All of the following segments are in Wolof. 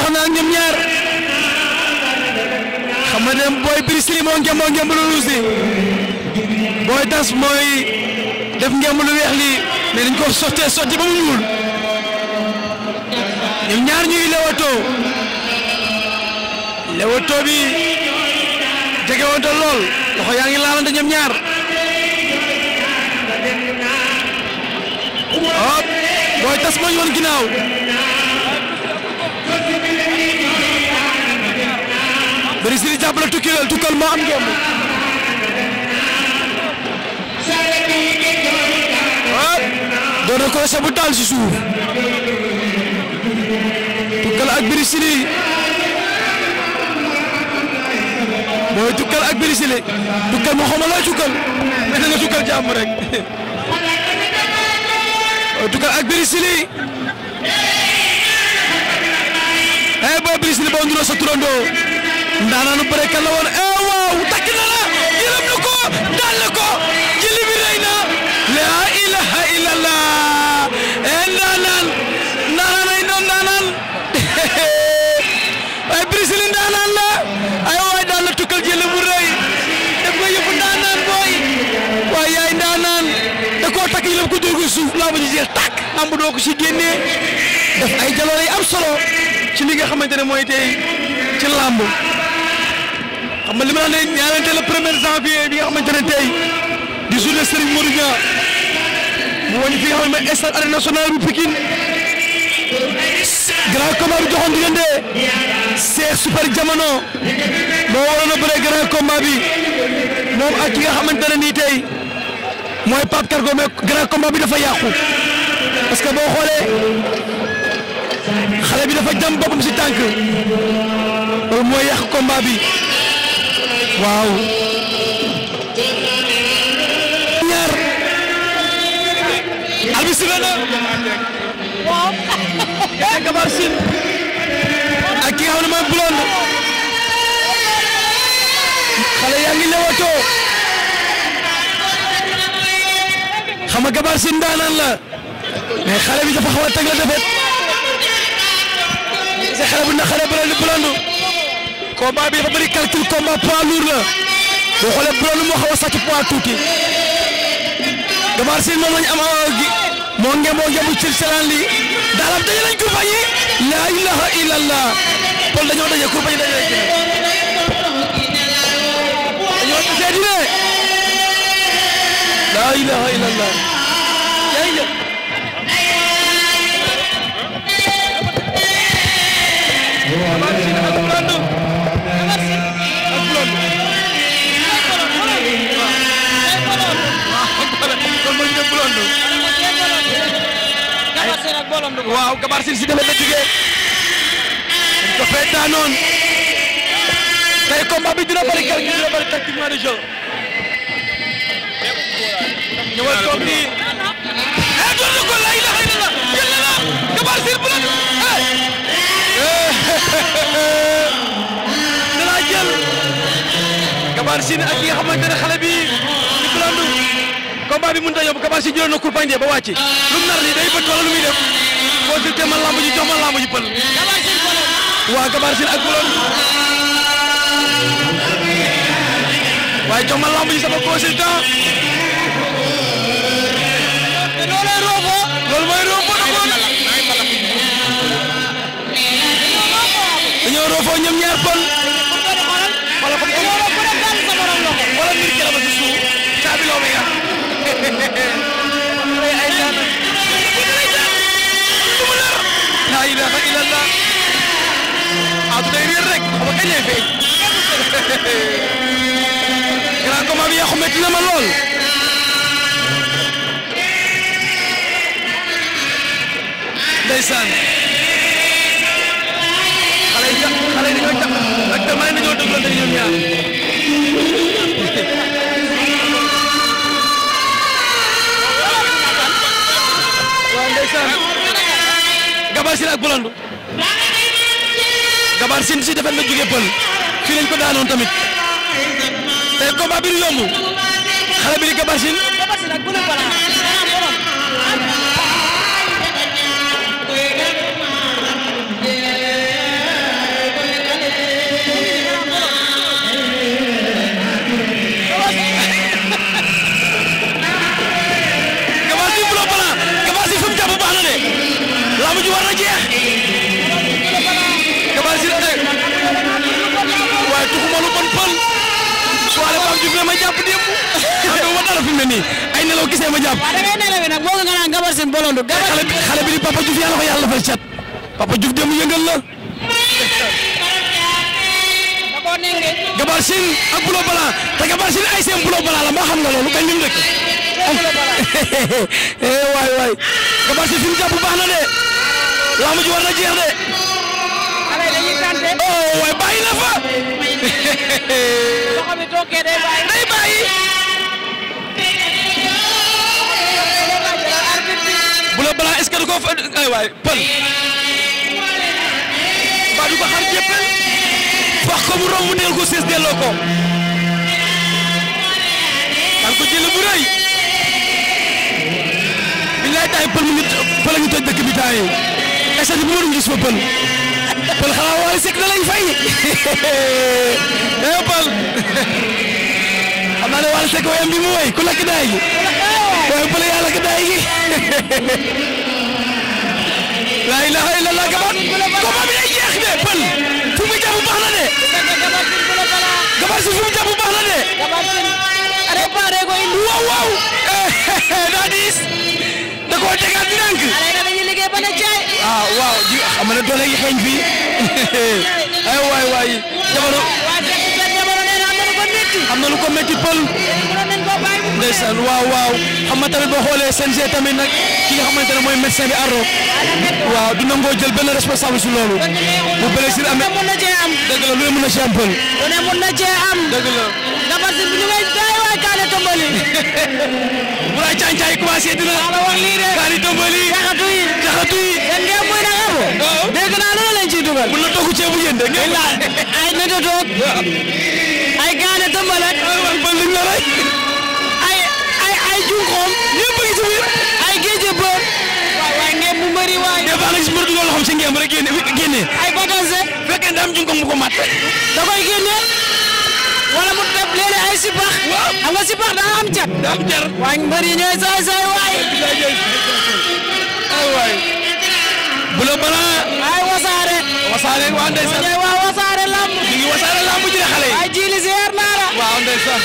wax na ak ñaar xam nga dem booy Brisili moo ngemb moo ngemb lu ruus li booy das mooy def ngemb lu weex li mais dañ ko sottee sotti ba mu ñuul ñoom ñaar ñuy lewato lewato bi jegewante lool loxo yaa ngi laalante ñoom ñaar booy tas moo ñu woon ginnaaw Biri Siri jàpp na tukkileel tukkal moo am ngeen. ah. bu taal si tukkal ak Biri Siri. tukkal ak Biri tukkal moo xamal looy tukkal. mais da nga tukkal jàmm rek. tukkal ak Biri Siri. eh boo Biri ndaanaanu bërekat la woon eh waaw takk na la yërëm na la ilaha illallah eh ndaanaan ndaanaan ay doon ndaanaan ay Brise ndaanaan la ay waay daan tukkal jëli mu rëy def nga yëfu ndaanaan booy waay yaay ndaanaan da koo takk yërëm ko dóor ko suuf laa ba ay jaloore yu solo ci li nga xamante ne mooy tey ci làmb ma li ma la ne ñaareel la premier janvier bi nga xamante ne tey di journée Serigne Modou Niang mu fi nga xam ne mooy stade arène nationale bu Pikine grand combat bi joxoon Super Jamono moo waroon a bëree grand combat bi moom ak ki nga xamante ne nii tey mooy Pape Cargo mais grand combat bi dafa yàqu parce que boo xoolee xale bi dafa jam boppam si tànk loolu mooy yàq combat bi. waaw ñaar albi si benn ak ki nga xam ne mooy xale yaa ngi lewato xam nga Gabar Sine daanaan la xale bi dafa xaw a la defet c'est xale bu naqaree Blonde combat bi dafa bëri calcul combat poids la boo xoolee problème moo xaw a sàcc poids tuuti Gambar Seen moom lañ am euh, moo nge moo nge mu selaan li daalam daje nañ kurbañi laa ilaha illallah pol dañoo waaw Gabar Sine si demee la jugee dañ ko fee daanoon tey combat bi dina bëri calcul dina bëri tactiquement de jeu ñëwal toog nii eh door na ko la ilaha illa allah jël na Gabar Sine bu la eh dina jël Gabar Sine ak ki nga xamante ne xale bi combat bi mënut a yóbbu Kabasi jëloon na kurpañ ba wàcc lu mu nar nii day bët wala lu muy def consulté ma lamb ji jox ma lamb ji pël. waaw ak Bolon. waaye jox ma lamb ji sama consultant. loolee roofoo ñoom ñaar pël. élevé grand combat bi yàqu métti na ma lool ndeysaan xale yi tax xale yi dañoo tax ak dama ne dañoo dëglante ñoom ñaar waaw ndeysaan gabasir ak bolondu Gabar si defet la jóge pël fii lañ ko daanoon tamit tey combat bi du yomb xale bi di Gabar Sine. Gabar ak Bouloum jàpp. waaw da ngay nelawi nag boo ko nga gabar seen bolondu. gabar xale xale bi di Papa Diouf yàlla ko yàlla fay cat. Papa Diouf dem yëngal la. gabar seen ak bulo bala te gabar seen ay seen bulo bala la maa xam nga loolu kañ lim dëkk. Eh, waay waay gabar seen fi mu jàpp de. laa mu ji war de. oh waay bàyyi na Giro Blanc est-ce que du ko ay waay pël mbaa du ko xar jéppel wax ko mu romb neel ko sées delloo ko daan ko jëlee bu rëy billaay taay pël mu ngi pël a ngi toj dëkk bi taay esati bu ma dum gis fa pël pël xanaa waay sekk na lay fay eh pël xam naa ne waay sekk wayam bi mu way ku lakk daay waaye bële yàlla ka daay gi la ilaha illallah gabar combat bi day jeex de pël fu mu jàpp baax na de gabar si fu mu jàpp baax na de réparé ko indi waaw waaw daa diis da koo tegaat ndànk ah waaw ji xam doole yi xeeñ fii ay waay waay jamono am na lu ko métti pël ndeysaan waaw waaw xam nga tamit boo xoolee CNG tamit nag ki nga xamante ne mooy médecin bi Ardo waaw du nangoo jël benn responsable si loolu bu blessure amee mën na cee am dëgg la lu ne mën na cee am pël lu ne mën na cee am dëgg la dabar si ñu ngay day waay kaane tombali bu la càncaay commencé dina la wax lii de kaane tombali jaxatu yi jaxatu yi yéen ngeen mooy na xamu dégg naa loolu lañ ciy dugal mën na togg ceebu ay na toog ay kaane tombal ak bu xoom ñëpp a ngi ci ay géej a bër waaye ngeen bu bëri waaye des fois nga gis mbër dugal loxoom si ngeen rek génne ay vacances fekkee ndam ju ko mu ko mat da wala mu def léeg ay sibax xam nga sibax daa am cat daa jar waaye mbër yi ñooy saay saay waay ay balaa ay wasaare wasaare waa ndeysaan ñooy waa wasaare lamb ñu xale yi ay jiili ziar naa la waaw ndeysaan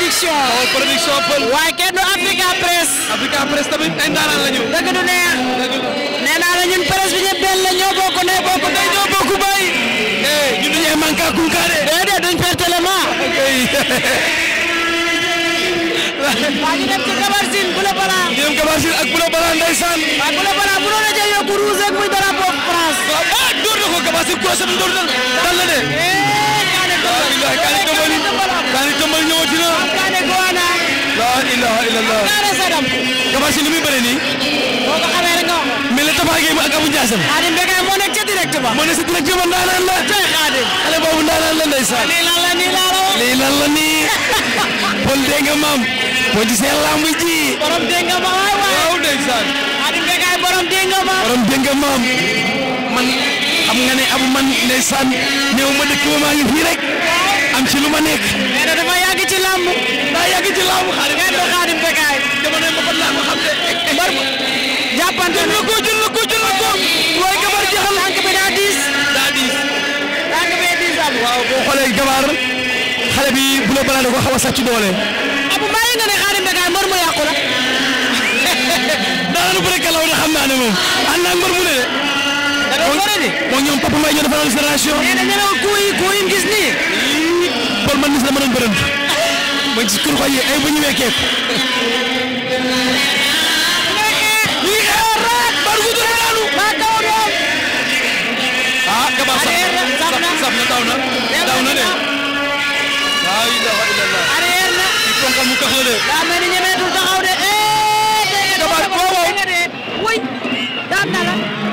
production. Baol oh, production pël. waaye kenn Africa Press. Africa Press tamit ay ndaanaan la ñu. nee naa ñun presse bi ñëpp benn la ñoo bokk ne bokk tey ñoo bokk bay. Eh, ñu duñu ay manqué ak kunkaay de. déedéet ma. waa ñu dem Bala. ñu dem Bala ndeysaan. waaw Boule yokku rouge muy drapeau France. waaw ah na ko Gabar Sine croisé mu na dal la de. Eh. ilaaha kaani tambali kaani tambali ñëwati na laa ni muy bëri nii boo ko xamee mel ne Tapha Gueye ak Abou Ndiassane Khadim Bécaye moo nekk ca direct ba moo ca direct ba ndaanaan la tey Khadim xale boobu ndaanaan la ndeysaan lii lan la nii laa la borom dégg nga ma man xam nga abu man ndeysaan néew ma dëkk ba maa ngi fii am ci lu ma nekk. nee na dafa yàgg ci làmb. daa yàgg ci làmb xaadim. nee na xaadim bekaay. dama ne ma ko làmb xam ne mbar ma. jàppante ne daa diis. daa diis. tànk bee gabar xale bi bu la balaa da ko xaw a sàcc doole. abu maa ngi nga ne xaadim bekaay mbar mu yàqu la. daanaka bu rek kalaw ne xam naa ne moom mbar mu ne de. da doon bëri de. moom ñoom papa Mbaye ñoo defal génération. nee na ñu nii. kon man nis la a bërënt ba ci kër xoy yi ay bu ñu wekkee ah gaba saf na saf na daw na daw na de waaw yi dafa ila la arrière na ci ponkal mu tax la de daa mel ni ñemeetul taxaw de eh gaba boobu way daan na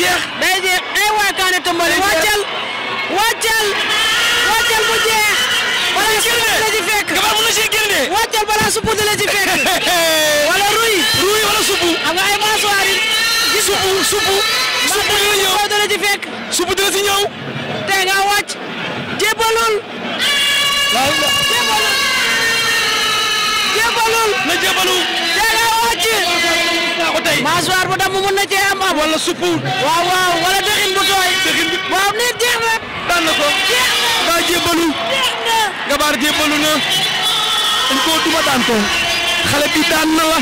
jeex. day jeex ay waay Kaane Tëmbale. wàccal wàccal wàccal mu jeex. wala suputu la la ci fekk. wala ruy. ruy wala supu. am nga ay masuwaar yi. gis supu supu. supu dina ñëw supu dina ci fekk. supu dina ci ñëw. te nga wàcc. jébalul. waaw naa ko tey. mâchoire bu damm mën na cee am am. wala waaw waaw wala dëxin bu tooy. dëxin bi waaw nee jeex na. daan na ko. jeex na daa jébbalu. jeex na gabaar jébbalu na. daan na la.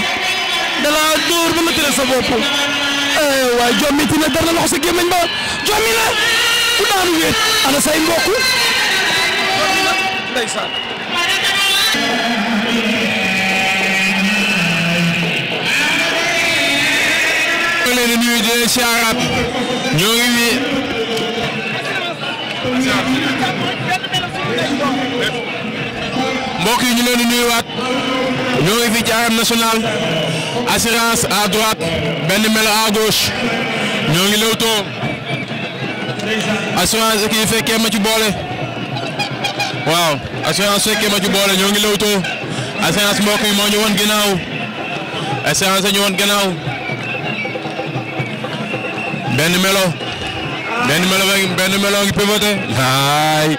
da la dóor ba nga tëral sa bopp. Eh, waaye jommi tina dara loxo sa gémmañ ba jommi na. ku daanu wéet. ana say mbokk. jommi na ndeysaan. leen di nuyu ñoo ngi nii. yi ñu leen di nuyuwaat ñoo assurance à droite benn melo à gauche ñoo ngi lewtoo assurance kii fekkee ma ci boole waaw assurance fekkee a ci boole ñoo ngi lewtoo assurance mbokk yi moo ñu won ginnaaw assurance ñu won ginnaaw. benn melo benn melo benn melo ngi pivoté ay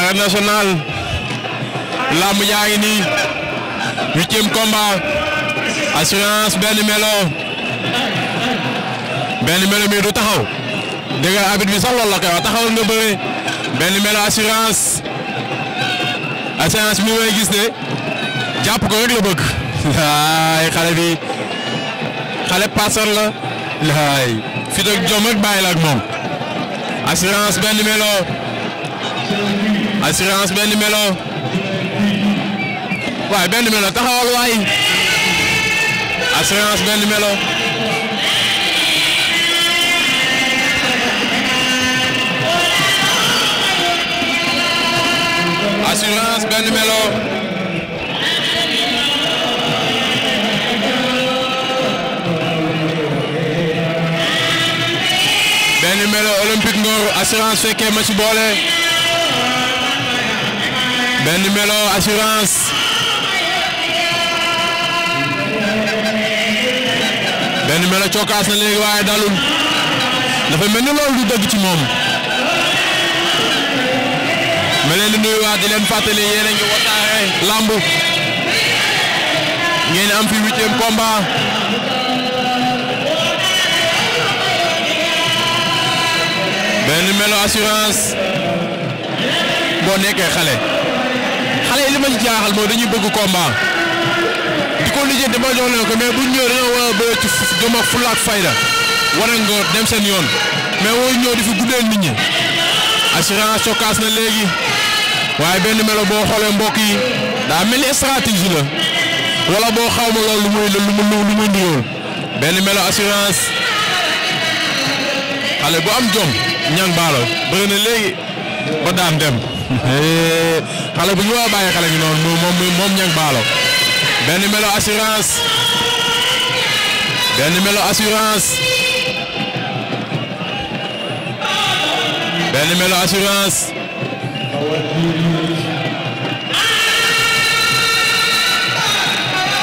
arène nationale lamb ngi nii huitième assurance benn melo benn melo mi du taxaw dégg nga habit bi sax loolu la koy wax nga bëre benn melo assurance assurance mi may gis de jàpp ko rek la bëgg ay xale bi xale passeur la laay fit ak jom rek bàyyi la moom assurance benn melo assurance benn melo waaye benn melo taxawal waay assurance benn melo melo ni mel olympique assurance fekkee ma ci boole benn melo assurance benn melo cokkaas na léegi waaye dalul dafa mel ni dëgg ci moom ma leen di nuyuwaat di leen fàttali yéen a ngi Lamb ngeen am fi huitième combat benn melo assurance boo nekkee xale xale yi li ma ci jaaxal mooy dañuy bëgg combat di ko lijjanti ba jox ko mais bu ñu ñëwee dañoo war a bëre ci jom ak fulla ak fayda war a dem seen yoon mais woo ñëw di fi guddeel nit ñi assurance cokkaas na léegi waaye benn melo boo xoolee mbokk yi daa mel ni stratégie la wala boo xaw ma loolu lu muy lu muy lu muy ndiyool benn melo assurance xale bu am jom. ñang baalo bëri ba daan dem xale bu ñu war a bàyyi xale bi moom moom baalo benn melo assurance benn melo assurance benn melo assurance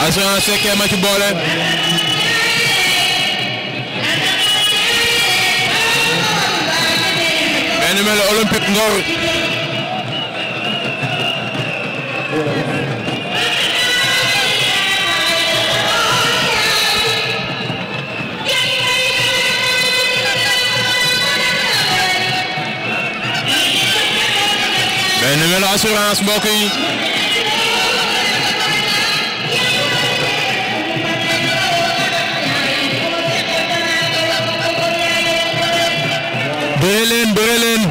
assurance fekkee ma boole ñu mel ne Olympique Ngor mais ñu mel ne assurance bëre leen bëre leen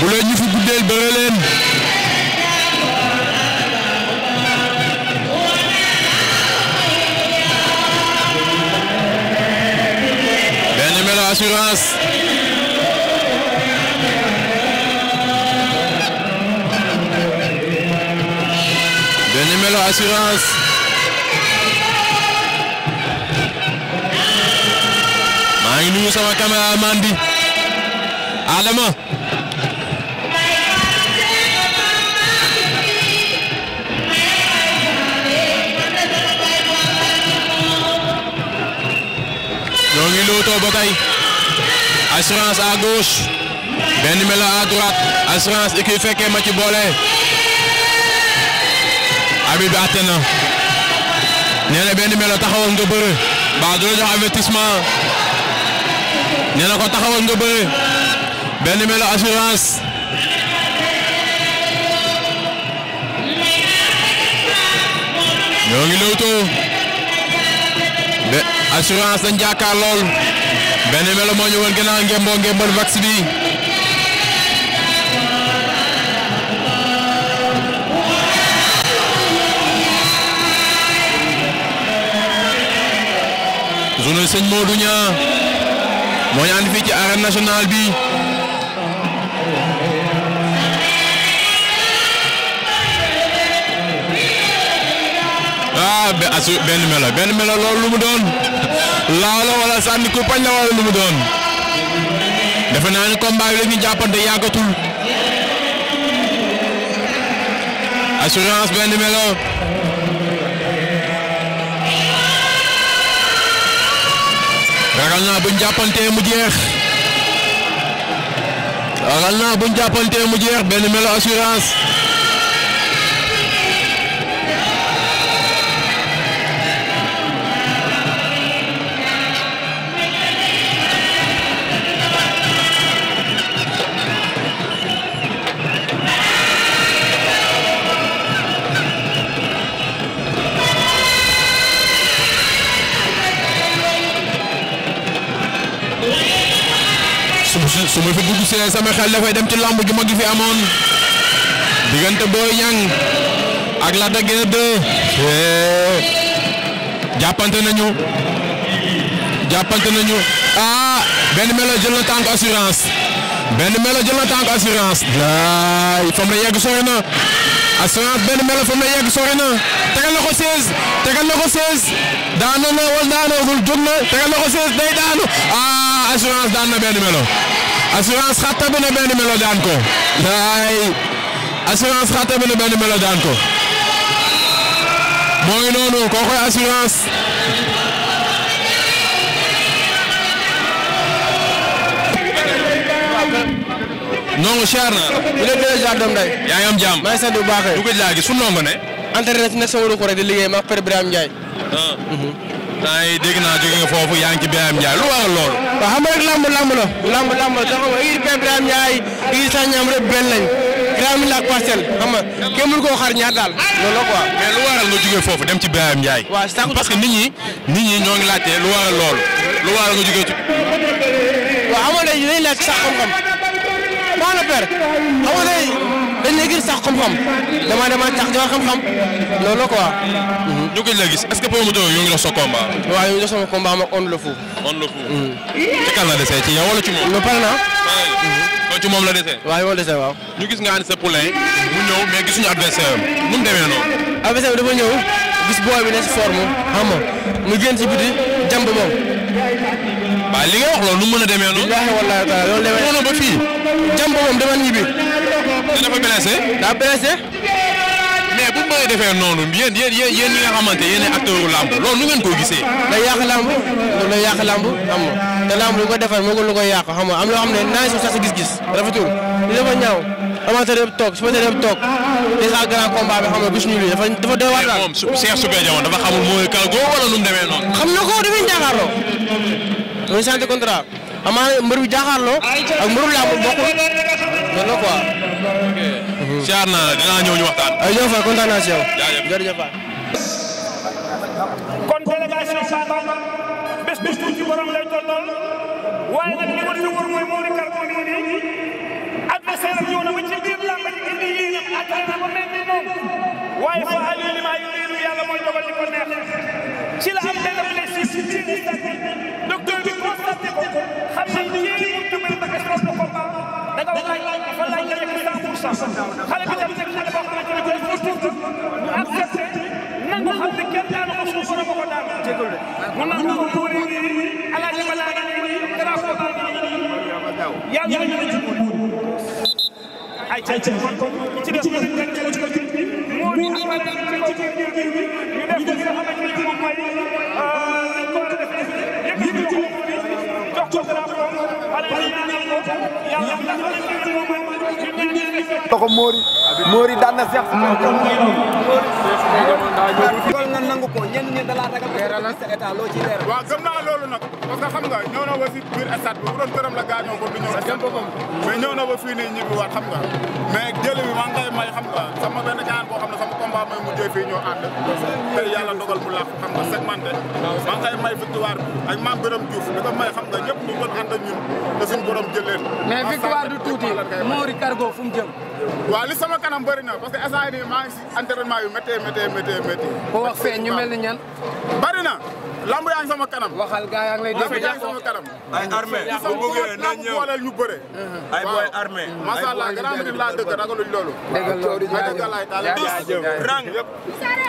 bu la ñu fi guddeel bëre leen benn melo assurance benn melo assurance maa ngi nuyu sama caméraman bi Adama ñoo ngi luutoo ba assurance à gauche benn melo à droite assurance i ki fekkee ma ci boole Habib àtte na nee na benn melo taxawal nga bëre ba du nee na ko taxawal nga bëre benn melo assurance ñoo ngi lewtoo be assurance dañ jàkkaar lool benn melo moo ñëwoon gannaaw ngemboo ngembal vax bi journée sëñ Modou Niang moo ñu andi fii ci arène nationale bi ah benn melo benn melo loolu lu mu doon laaw la wala sànni ku pañ la wala lu mu doon defe naa ne combat bi la ñu jàppante yàggatul assurance benn melo. ragal naa buñ jàppantee mu jeex ragal naa buñ jàppantee mu jeex benn melo assurance. su ma fi dugg see sama xel la dafay dem ci lamb ju ma gi fi amoon diggante Boy Niang ak Lac de Guiers 2 eh, nañu jàppante nañu ah benn melo jël na tànk assurance benn melo jël na tànk assurance laay fam na yegg sori na benn melo na yegg sori na na ko 16 tegal na ko 16 daanu na wala tegal na ko ah, assurance daan na benn melo. assurance xatta bi na benn melo daan ko. daay assurance xatta bi na noonu kookoy assurance. non cher na. bu dee benn genre doomu yaa ngi am jàmm. maa ngi sant bu baax. du ko laagi su nongo ne. entraîné na sama ko rek di liggéey ma ak Père Birame Ndiaye. Ah. Mhm. temps yii dégg naa jóge nga foofu yaa ngi ci Birame Ndiaye lu waral loolu. waaw xam nga rek lamb lamb la. lamb lamb la soo ko waxee kii Birame Ndiaye kii sax ñaam rek benn lañ. Birame Ndiaye ak parcelle xam nga kenn mënu koo xar ñaar daal loolu la quoi. mais lu waral nga jóge foofu dem ci Birame Ndiaye. waaw sax parce que nit ñi nit ñi ñoo ngi laajte lu waral loolu. lu waral nga jóge ci. waaw xam nga dañuy laaj sax xam-xam. maa la père xam nga dañ lay gën sax xam-xam damaa dama tax jox xam-xam loolu quoi. Mhm. ñu ngi la gis est-ce que promoteur yooyu ngi dox sa combat. waaw ñu ngi dox sama combat ma on le fou. on le mhm. ci kan la desee ci yow wala ci moom. non pare naa. Mhm. ci moom la desee. waaw yow desee waaw. ñu gis nga ànd sa poulain. mu ñëw mais gisuñu adversaire am nu mu demee noonu. adversaire bi dafa ñëw gis booy bi ne si forme xam nga mu génn ci biti jàmb moom. waaw li nga wax loolu nu mën a demee noonu. wallaahi wallaahi taala loolu demee noonu ba fii jàmb te dafa blessé. daa blessé. mais bu may defee noonu yéen yéen yéen yéen ñi nga xamante yéen ay acteurs lamb nu ngeen ko gisee. day yàq lamb loolu la yàq lamb xam nga te lamb lu ko defar moo gën lu koy yàq xam nga am loo xam ne naa su sax si gis-gis rafetul li dafa ñaaw bi xam nga gis ñu lii dafa dafa doy mooy cargo wala nu mu demee noonu. xam na ko dafay jàkkaarloo muy santé contrat amaana mbër bi jàkkaarloo ak mbëru lamb bokkul loolu la quoi. ok. siyaar naa la dinaa ñëw ñu waxtaan. jërëjëf waay kontaan naa si yow. jërëjëf waay. kon délégation Saabaan bés bu tuuti ci borom lay tollool waaye nag li ma dina wër mooy moo di kàrgoon yi nii adversaire am ñëw na ba ci biir làmb ji indi yii yëpp attan na ba mel ni moom waaye fa Aliou li maa yuriidu yàlla mooy dogal li ko neex ci la am benn blessure si ci docteur bi constaté ko xam da nga laaj dafa laaj nga nekk cent pour cent xale bi dem nekk xale boo xamante ne bii fautif la ñu accepté nangu xam ne kenn daanu ko suuf borom a ko daan jégalu mu nangu ko tuuri alaaji ma laa ngi nii drapeau baa ngi nii yàlla ñu la jubóol ay ca ca kon kon ci des ma nekk ci ko ci moo di amal ci ko ci biir biir bi ñu def ko ci nga xamante ne moom mooy ko Mori Mori daan na Cheikh loolu nga nangu ko ñenn ñi da laa ragal leeralal sa état loo ciy leeral waaw gëm naa loolu nag parce que xam nga ñëw na ba si biir stade bi bu doon la gaañoo ko du ñëw na ba fii ñibbi waat xam nga mais jël bi maa ngi may xam nga sama benn gaan boo xam ne combat mooy mu jëfee ñoo ànd te a dogal mu làq xam nga segmenté maa ngi koy may victoire bi ak maam Birame Diouf di ko may xam nga ñëpp ñu doon ànd ak ñun te suñu borom jël leen mais du tuuti Mori Cargo fu mu jëm waaw li sama kanam bëri na parce que maa ngi si entraînement yu méttee méttee méttee méttee ko wax feeñ ñu ni ñan bëri na lamb yaa ngi sama kanam. waxal gars yaa ngi lay dégg yaa ngi sama kanam. ay armée bu bëggee na ñëw booleel ñu bëre. ay boy armée. macha allah grand bi laa dëkk ragaluñ loolu. dëgg rang.